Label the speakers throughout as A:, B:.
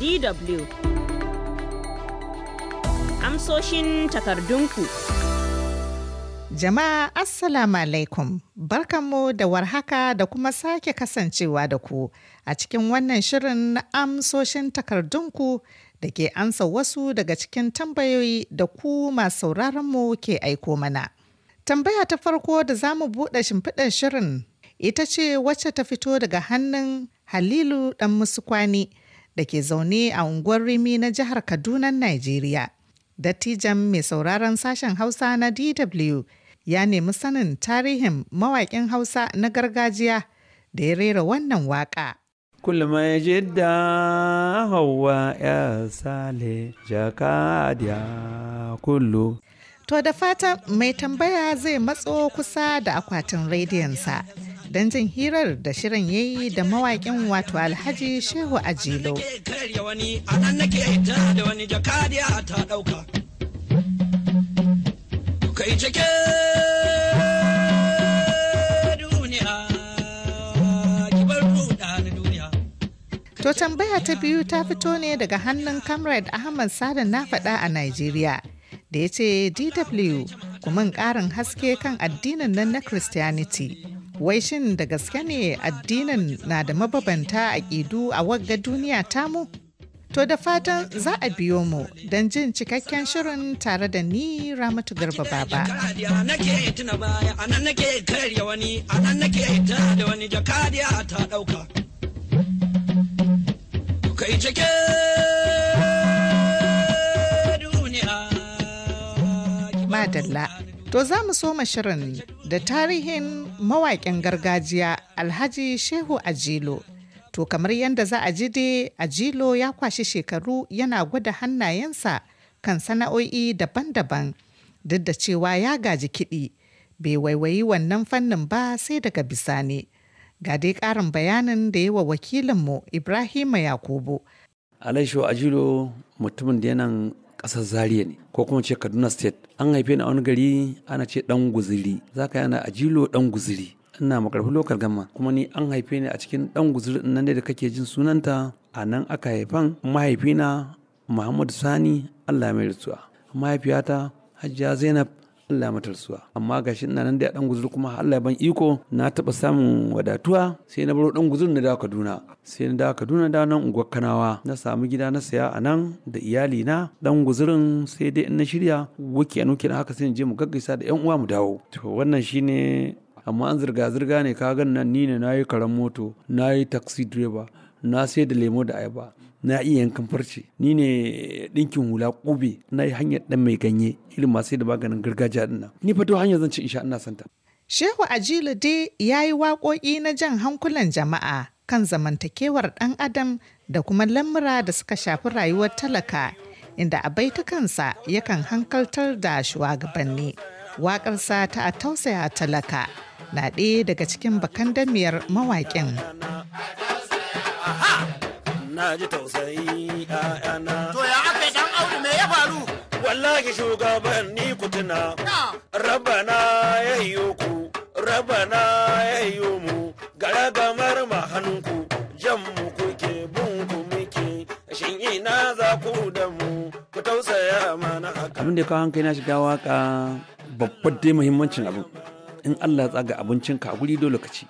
A: DW. Amsoshin takardunku. Jama'a Assalamu alaikum, barkanmu da warhaka da kuma sake kasancewa da ku a cikin wannan shirin amsoshin takardunku da ke ansa wasu daga cikin tambayoyi da ku masu mu ke aiko mana. Tambaya ta farko da za mu buɗe shimfiɗar shirin ita ce wacce ta fito daga hannun Halilu ɗan Musukwani da ke zaune a unguwar Rimi na jihar Kaduna, Najeriya. Dattijan mai sauraron sashen Hausa na DW ya nemi sanin tarihin mawaƙin Hausa na gargajiya da ya rera wannan waƙa.
B: Kulma ya jidda hawa ya sale jakadiya kullu.
A: To da fata, mai tambaya zai matso kusa da akwatin rediyonsa. don jin hirar da shirin yayi da mawaƙin wato alhaji shehu ajilo To tambaya ta biyu ta fito ne daga hannun Comrade Ahmad Sada na faɗa a Najeriya da ya ce DW kuma ƙarin haske kan addinin nan na Christianity. Wai shin da gaske ne addinin na da mababanta aƙidu a wagga duniya tamu? To da fatan za a biyo mu don jin cikakken shirin tare da ni Ramatu Garba Baba. Madalla, to za mu soma shirin da tarihin mawaƙin gargajiya Alhaji Shehu Ajilo. To kamar yadda za a ji dai Ajilo ya kwashi shekaru yana gwada hannayensa kan sana'o'i daban-daban duk da cewa ya gaji kiɗi bai waiwayi wannan fannin ba sai daga bisani. Ga dai ƙarin bayanin da yi wa wakilinmu Ibrahima Yakubu.
B: Alaisho Ajilo mutumin da yanan ƙasar Zaria ne ko kuma ce Kaduna State an haife ni a wani gari ana ce dan guziri zaka yana ajilo dan guziri ina makarfi lokal gama kuma ni an haife ni a cikin dan guziri nan da kake jin sunanta a nan aka haifan mahaifina Muhammadu Sani Allah ya mai rutsuwa mahaifiyata Hajiya Zainab Allah ya mata rasuwa amma gashi ina nan da dan guzur kuma Allah ya ban iko na taba samun wadatuwa sai na baro dan guzur na dawo Kaduna sai na da Kaduna da nan unguwar Kanawa na samu gida na saya a nan da iyali na dan guzurin sai dai in na shirya wuki a na haka sai je mu gaggaisa da yan uwa mu dawo to wannan shine amma an zirga zirga ne ka gan nan ni ne nayi karan moto nayi taxi driver na sai da lemo da ayaba na iya yankan farce ni ne ɗinkin hula ƙube na yi hanyar ɗan mai ganye irin masu da maganin gargajiya ɗin ni fa hanyar zan ci insha ina santa.
A: Shehu Ajilu dai ya yi waƙoƙi na jan hankulan jama'a kan zamantakewar ɗan adam da kuma lamura da suka shafi rayuwar talaka inda a baitukansa yakan hankaltar da shugabanni. Waƙarsa ta a tausaya talaka na ɗaya daga cikin bakandamiyar mawaƙin.
B: na ji tausayi yayana To ya aka dan Audu me ya faru? Wallahi shugaban ni kutuna. Rabana ya ku, rabana ya yi mu, gara gamar ma hannunku, jan mu kuke bin ku muke, shin ina za ku da mu, ku tausaya mana haka. Abin da ya kawo hankali na shiga waka babban dai muhimmancin abu. In Allah ya tsaga abincinka a guri dole ka ci.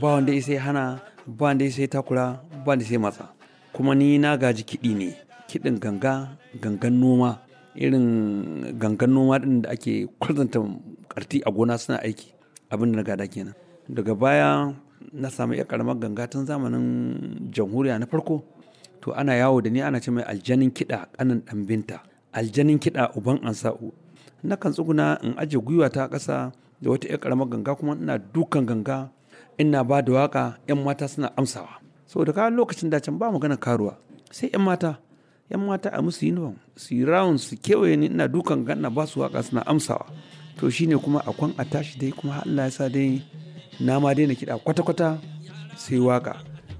B: Ba wanda ya sai hana ba da sai takura ba da sai matsa kuma ni na gaji kiɗi ne kiɗin ganga gangan noma irin gangan noma ɗin da ake kwarzanta ƙarti a gona suna aiki abin da na gada kenan daga baya na samu iya karamar ganga tun zamanin jamhuriya na farko to ana yawo da ni ana ce mai aljanin kiɗa ƙanan ɗan aljanin kiɗa uban na kan tsuguna in aje gwiwa ta ƙasa da wata iya ƙaramar ganga kuma ina dukan ganga ina ba da waka 'yan mata suna amsawa da ka lokacin da can ba magana karuwa sai yan mata yan mata a musu uniform su yi rawun su kewaye ni ina dukan ganna ba su waka suna amsawa to shine kuma akwan a tashi dai kuma Allah ya sa dai na ma dai daina kiɗa kwata-kwata sai waka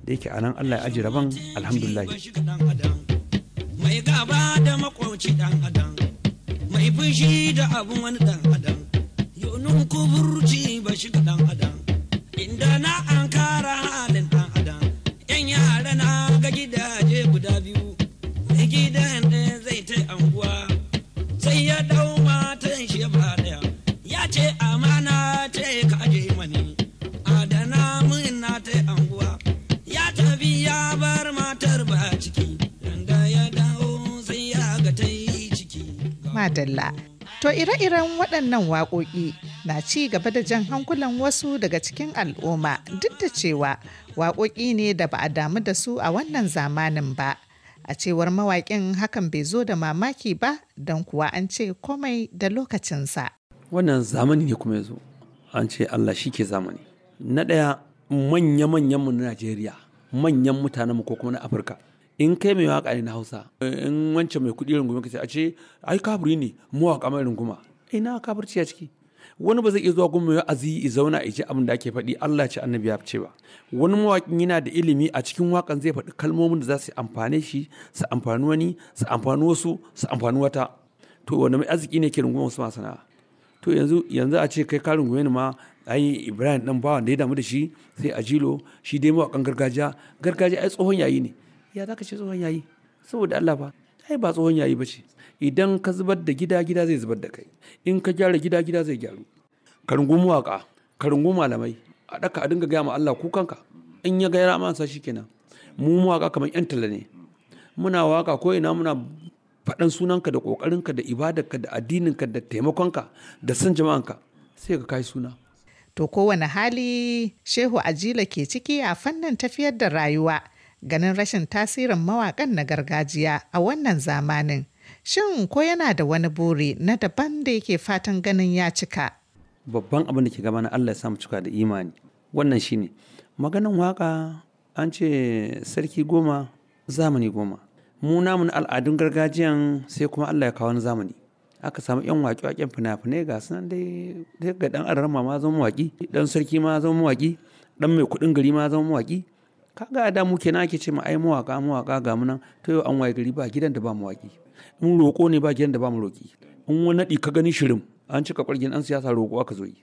B: da yake anan Allah ya ajiye rabon alhamdulillah
C: mai gaba da makwanci mai fushi da abun wani na halin yara na ga gidaje guda biyu gidan ɗaya zai ta anguwa sai ya dau matan shi ba daya ya ce amana ce ka aje mani adana min na ta anguwa ya tafi ya bar matar ba ciki yanda ya dawo sai ya ga ta yi ciki
A: madalla to ire-iren waɗannan waƙoƙi na ci gaba da jan hankulan wasu daga cikin al'umma duk da cewa waƙoƙi ne da ba a damu da su a wannan zamanin ba. A cewar mawaƙin hakan bai zo da mamaki ba don kuwa an ce komai da lokacinsa.
B: Wannan zamani ne kuma ya an ce Allah shi ke zamani. Na ɗaya manya-manyanmu na Najeriya, manyan mu ko kuma na Afirka. in kai mai waka ne na hausa in wancan mai kuɗi rungume ka ce a ce ai kaburi ne mu waƙa mai runguma ina kaburci a ciki wani ba zai iya zuwa gun mai wa'azi ya zauna ya ji abin da ake faɗi Allah ce annabi ya ce ba wani mawaƙin yana da ilimi a cikin waƙan zai faɗi kalmomin da za su amfane shi su amfani wani su amfani wasu su amfani wata to wani mai arziki ne ke rungumar wasu masana to yanzu a ce kai ka rungume ni ma ai Ibrahim dan bawan da ya damu da shi sai a jilo shi dai mawaƙan gargajiya gargajiya ai tsohon yayi ne ya zaka ce tsohon yayi saboda Allah ba ai ba tsohon yayi ba ce idan ka zubar da gida gida zai zubar da kai in ka gyara gida gida zai gyaru ka rungumi waka ka rungumi malamai a daka a dinga gaya ma Allah kukanka in ya gaya ma sa shikenan mu waka kamar yan talla ne muna waka ko ina muna faɗan sunanka da ƙoƙarinka da ibadarka da addininka da taimakonka da san jama'anka sai ka kai suna
A: To kowane hali Shehu Ajila ke ciki a fannin tafiyar da rayuwa ganin rashin tasirin mawakan na gargajiya a wannan zamanin. Shin ko yana da wani buri na daban da yake fatan ganin ya cika?
B: Babban abin da ke gama na Allah ya samu cika da imani. Wannan shine maganin waka an ce sarki goma zamani goma. Mu namun al'adun gargajiyan sai kuma Allah ya kawo wani zamani. aka samu yan waƙe waƙen fina-finai ga sunan dai ga dan arama ma zama waƙi dan sarki ma zama waƙi dan mai kuɗin gari ma zama waƙi kaga a da mu kenan ake ce ma ai mawaka mawaka ga mu nan to yau an waye gari ba gidan da ba mu waƙi in roƙo ne ba gidan da ba mu roƙi in wani naɗi ka gani shirin an cika ƙwargin an siyasa roƙo aka zo yi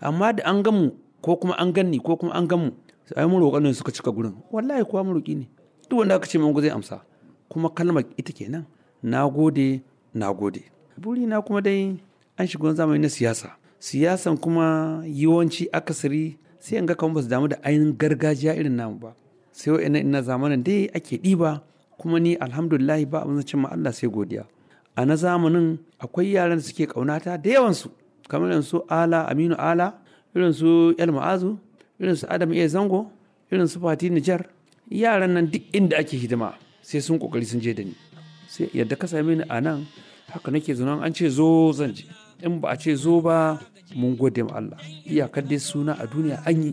B: amma da an gamu ko kuma an ganni ko kuma an gamu ai mu roƙon ne suka cika gurin wallahi kuwa mu roƙi ne duk wanda aka ce mun zai amsa kuma kalmar ita kenan na gode na gode buri na kuma dai an shiga wani zamani na siyasa siyasan kuma yawanci akasari sai an ga kamar ba su damu da ainihin gargajiya irin namu ba sai wa'ina ina zamanin dai ake ɗiba kuma ni alhamdulillahi ba abin zancen ma Allah sai godiya a na zamanin akwai yaran da suke kaunata da yawansu kamar irin su ala aminu ala irin su el ma'azu irin su adam iya zango irin su fati nijar yaran nan duk inda ake hidima sai sun kokari sun je da ni sai yadda ka same ni a nan haka nake zunan an ce zo zan je in ba a ce zo ba mun gode ma Allah iyakar dai suna a duniya an yi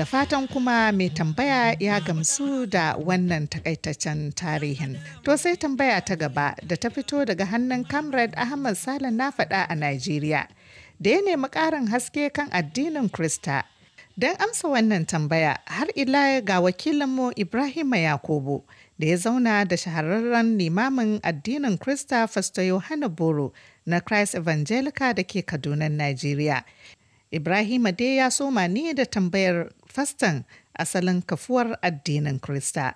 A: Da fatan kuma mai tambaya ya gamsu da wannan takaitaccen tarihin. To sai tambaya ta gaba da ta fito daga hannun Kamrad Ahmad Saleh na faɗa a Najeriya. Da ya nemi ƙarin haske kan addinin Krista. Don amsa wannan tambaya har ila ga wakilinmu Ibrahim Yakubu da ya zauna da shahararren limamin addinin Krista Fasto Yohana Boro na Christ Evangelica da ke Kaduna, Najeriya. Ibrahim dai ya soma ni da tambayar fastan asalin kafuwar addinin Krista.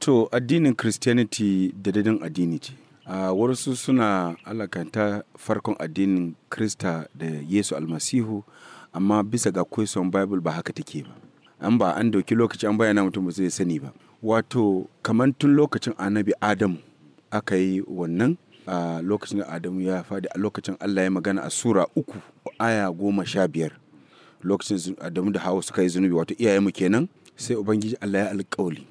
D: To addinin Christianity da dadin addini ce. A wasu suna alakanta farkon addinin Krista da Yesu almasihu amma bisa ga kwaison Bible ba haka take ba. An ba an dauki lokaci an bayyana mutum ba zai sani ba. Wato kamar tun lokacin anabi Adamu aka yi wannan a lokacin da Adamu ya faɗi a lokacin Allah ya magana a Sura uku aya goma sha biyar. lokacin Adamu da Hawa suka yi zunubi wato iyayenmu kenan sai Ubangiji Allah ya alƙawali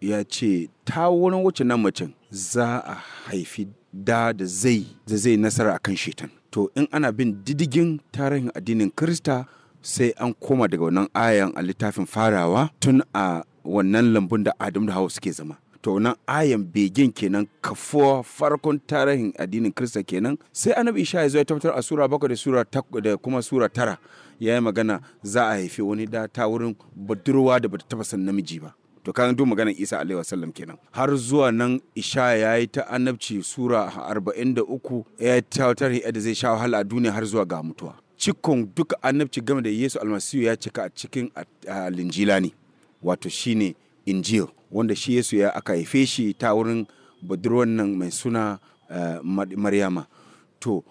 D: ya ce ta wurin wuce nan macen za a haifi da da zai da zai nasara akan shetan to in ana bin didigin tarihin addinin Kirista sai an koma daga wannan ayan a littafin farawa tun a wannan lambun da Adamu da Hawa suke zama to nan ayan begin kenan kafuwa farkon tarihin addinin Kirista kenan sai annabi Isha ya zo ya tabbatar a sura bakwai da sura da kuma sura tara ya yi magana za a haifi wani da ta wurin budurwa da bata taba san namiji ba to kan duk magana Isa alaihi wasallam kenan har zuwa nan Isha ya yi ta annabci sura arba'in 43 ya tabbatar da zai sha wahala a duniya har zuwa ga mutuwa cikon duka annabci game da Yesu almasihu ya cika a cikin alinjila ne wato shine injil wanda shi yesu ya aka haife shi ta wurin budurwan nan mai suna uh, maryama to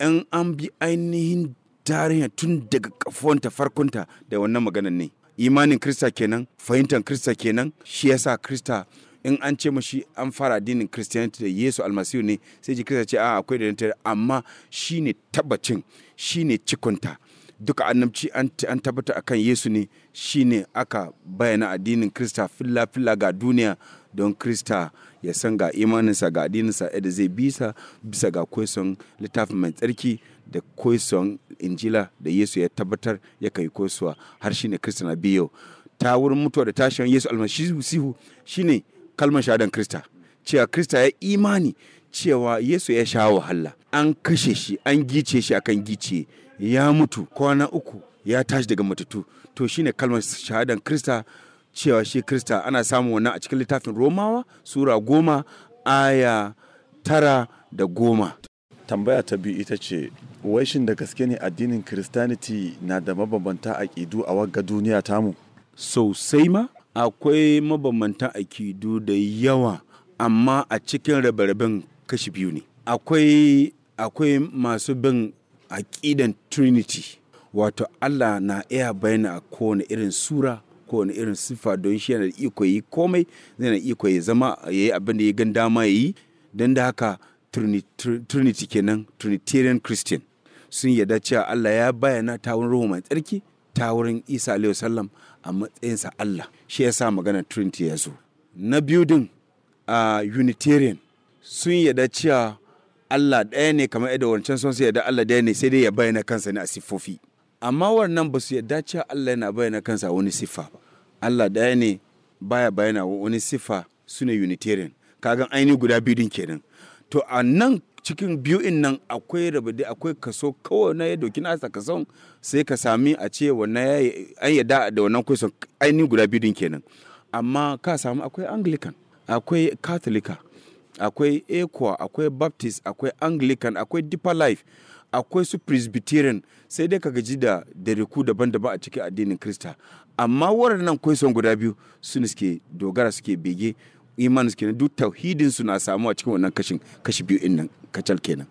D: in an bi ainihin tarihin tun daga kafonta farkonta da wannan maganan ne imanin krista kenan fahimtar krista kenan shi yasa krista in an ce mashi an fara addinin christianity da yesu almasihu ne sai ji krista ce a akwai da amma shine tabbacin shine cikunta duka annabci an tabbata akan yesu ne shine aka bayyana addinin krista filla filla ga duniya don krista ya san ga imaninsa ga addininsa yadda zai bisa bisa ga kwaison littafin mai tsarki da kwaison injila da yesu ya tabbatar ya kai kwaisuwa har ne krista na biyo ta wurin mutuwa da tashin yesu almasihu shine kalmar shahadan krista cewa krista ya imani cewa yesu ya sha wahala an kashe shi an gice shi akan gice ya mutu kwana uku ya tashi daga matattu to shine kalmar shahadan krista cewa shi krista ana samun wannan a cikin littafin romawa sura goma aya tara da goma tambaya ta biyu ita ce waishin da gaske ne addinin christianity na da mabambanta aƙidu a wagga duniya tamu sosai ma akwai mabambanta aƙidu da yawa amma a cikin rabe-raben kashi biyu ne akwai akwai masu bin aƙidan trinity wato allah na iya bayyana a kowane irin sura kowane irin siffa don shi yana iko yi komai zai na iko ya zama ya yi abin da ya gan dama ya yi don da haka trinity kenan trinitarian christian sun yarda cewa allah ya bayyana ta wurin ruhu mai tsarki ta wurin isa alaihi wasallam a matsayinsa allah shi ya sa magana trinity ya zo na biyu din a unitarian sun yarda cewa Allah ɗaya ne kamar yadda wancan sun su yarda Allah ɗaya ne sai dai ya bayyana kansa ne a siffofi amma wannan ba su yarda cewa Allah yana bayyana kansa wani siffa ba Allah ɗaya ne baya bayyana wani siffa su ne unitarian kagan aini guda biyu din kenan to a nan cikin biyu in nan akwai rabadi akwai kaso kawai na ya doki nasa kason sai ka sami a ce wannan an yada da wannan kusan aini guda biyu din kenan amma ka samu akwai anglican akwai catholic. akwai ecowa akwai baptist akwai anglican akwai deeper life akwai su presbyterian sai dai ka gaji da dariku daban-daban a cikin addinin krista amma waɗannan kwaison guda biyu su ne suke dogara suke bege imanin suke duk tauhidin su na samu a cikin wannan kashi biyu in nan kacal kenan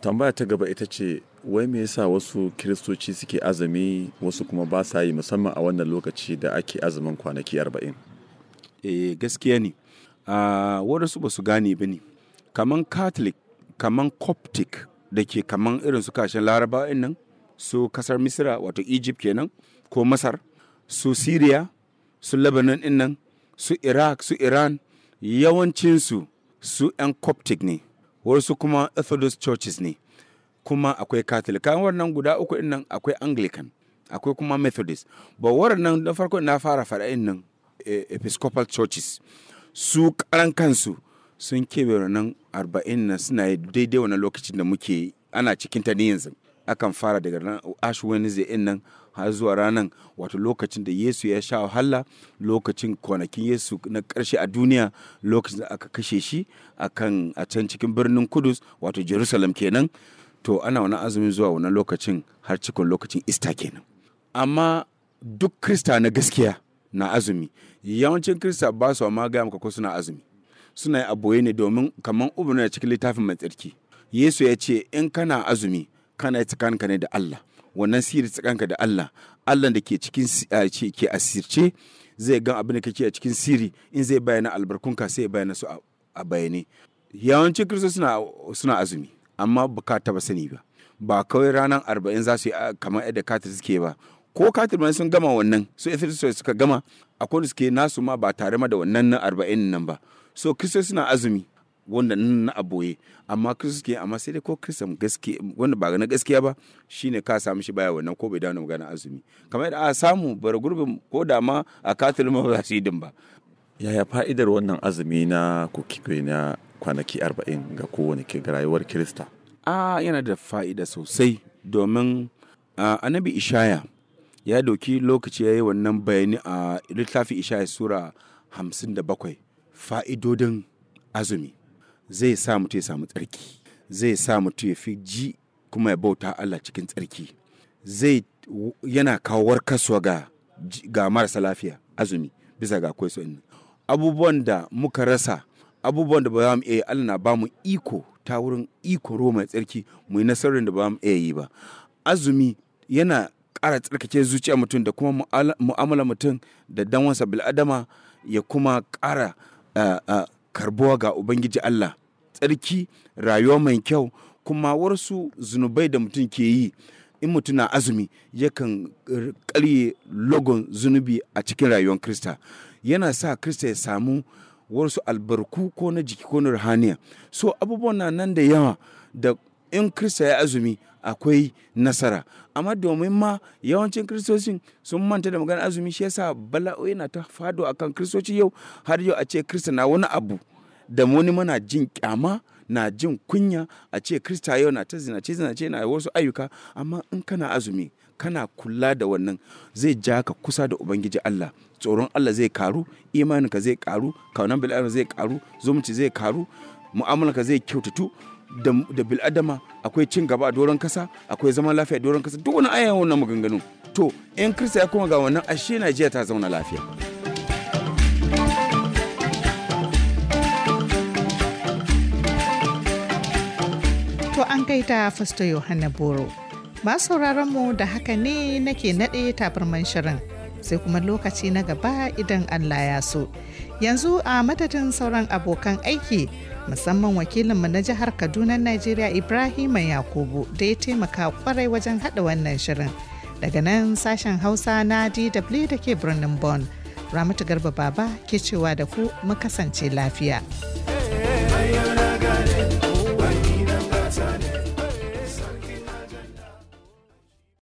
D: tambaya ta gaba ita ce wai me yasa wasu kiristoci suke azumi wasu kuma ba sa yi musamman a wannan lokaci da ake azumin kwanaki arba'in eh gaskiya ne uh, waɗansu ba su gane ba ne kaman catholic kaman coptic da ke kaman irin su kashin larabawa nan su kasar misira wato egypt kenan ko masar su syria su lebanon nan su iraq su iran yawancinsu su 'yan coptic ne wasu kuma orthodox churches ne kuma akwai catholic kan wannan guda uku nan akwai anglican akwai kuma methodist ba waɗannan na farko na fara faɗa nan eh, episcopal churches su karan kansu sun kebe wannan arba'in na suna daidai wani lokacin da muke ana cikin ta ne yanzu akan fara daga ran ash wednesday in nan har zuwa ranar wato lokacin da yesu ya sha wahala lokacin kwanakin yesu na karshe a duniya lokacin da aka kashe shi akan a can cikin birnin kudus wato jerusalem kenan to ana wani azumin zuwa wani lokacin har cikin lokacin ista kenan amma duk krista na gaskiya na azumi yawancin kirista ba su ma gaya maka ko suna azumi suna yi aboye ne domin kamar na cikin littafin mai tsarki yesu ya ce in kana azumi kana yi tsakaninka ne da allah wannan sirri tsakaninka da allah allah da ke cikin ke asirce zai gan abin da kake a cikin sirri in zai bayyana albarkunka sai ya bayyana su a bayyane. yawancin kirista suna suna azumi amma ba ka taba sani ba ba kawai ranar arba'in za su yi kamar yadda katar suke ba ko katin sun gama wannan su efesos suka gama a akwai suke nasu ma ba tare ma da wannan na arba'in nan ba so kristo suna azumi wanda na aboye amma kristo suke amma sai dai ko kristo wanda ba na gaskiya ba shine ka samu shi baya wannan ko bai dawo magana azumi kamar yadda a samu bar gurbin ko da ma a ma ba su yi din ba yaya fa'idar wannan azumi na kukikai na kwanaki arba'in ga kowane ga rayuwar kirista a ah, yana da fa'ida sosai domin ah, annabi ishaya ya dauki lokaci ya yi wannan bayani a littafin ishaya sura 57 fa'idodin azumi zai sa mutum ya samu tsarki zai sa mutum ya fi ji kuma ya bauta Allah cikin tsarki zai yana kawo warkaswa ga, ga marasa lafiya azumi bisa ga kwaiso abubuwan da muka rasa abubuwan da ba za mu iya Allah na ba mu iko ta wurin iko ruwa mai tsarki mu yi nasarar da ba mu iya yi ba azumi yana ƙara tsarkake zuciya mutum da kuma mu'amala mutum da danwansa bil'adama ya kuma ƙara karbuwa ga ubangiji allah tsarki rayuwa mai kyau kuma warsu zunubai da mutum ke yi in mutum na azumi yakan karye logon zunubi a cikin rayuwar krista yana sa krista ya samu wasu albarku ko na jiki ko na ruhaniya so abubuwan na nan da yawa da in Kirista ya azumi akwai nasara amma domin ma yawancin kristocin sun manta da magana azumi shi yasa bala'o yana ta fado akan kristoci yau har yau a ce kirista na wani abu da wani mana jin kyama na jin kunya a ce kirista yau na ta zinace zinace na wasu ayyuka amma in kana azumi kana kula da wannan zai ja ka kusa da ubangiji allah tsoron allah zai karu imaninka zai karu kaunan bil'adama zai karu zumunci zai karu mu'amalanka zai kyautatu da bil'adama akwai cin gaba a doron kasa akwai zaman lafiya a doron kasa duk wani ayan wannan maganganu to in kirista ya kuma ga wannan ashe najeriya ta zauna lafiya
A: to an gaida fasto yohana boro ba sauraron mu da haka ne nake naɗe tabarman shirin sai kuma lokaci na gaba idan allah ya so yanzu a madadin sauran abokan aiki musamman wakilinmu na jihar kaduna najeriya ibrahima yakubu da ya taimaka kwarai wajen haɗa wannan shirin daga nan sashen hausa na dw da ke birnin Bon ramatu garba baba ke cewa da ku mu kasance lafiya.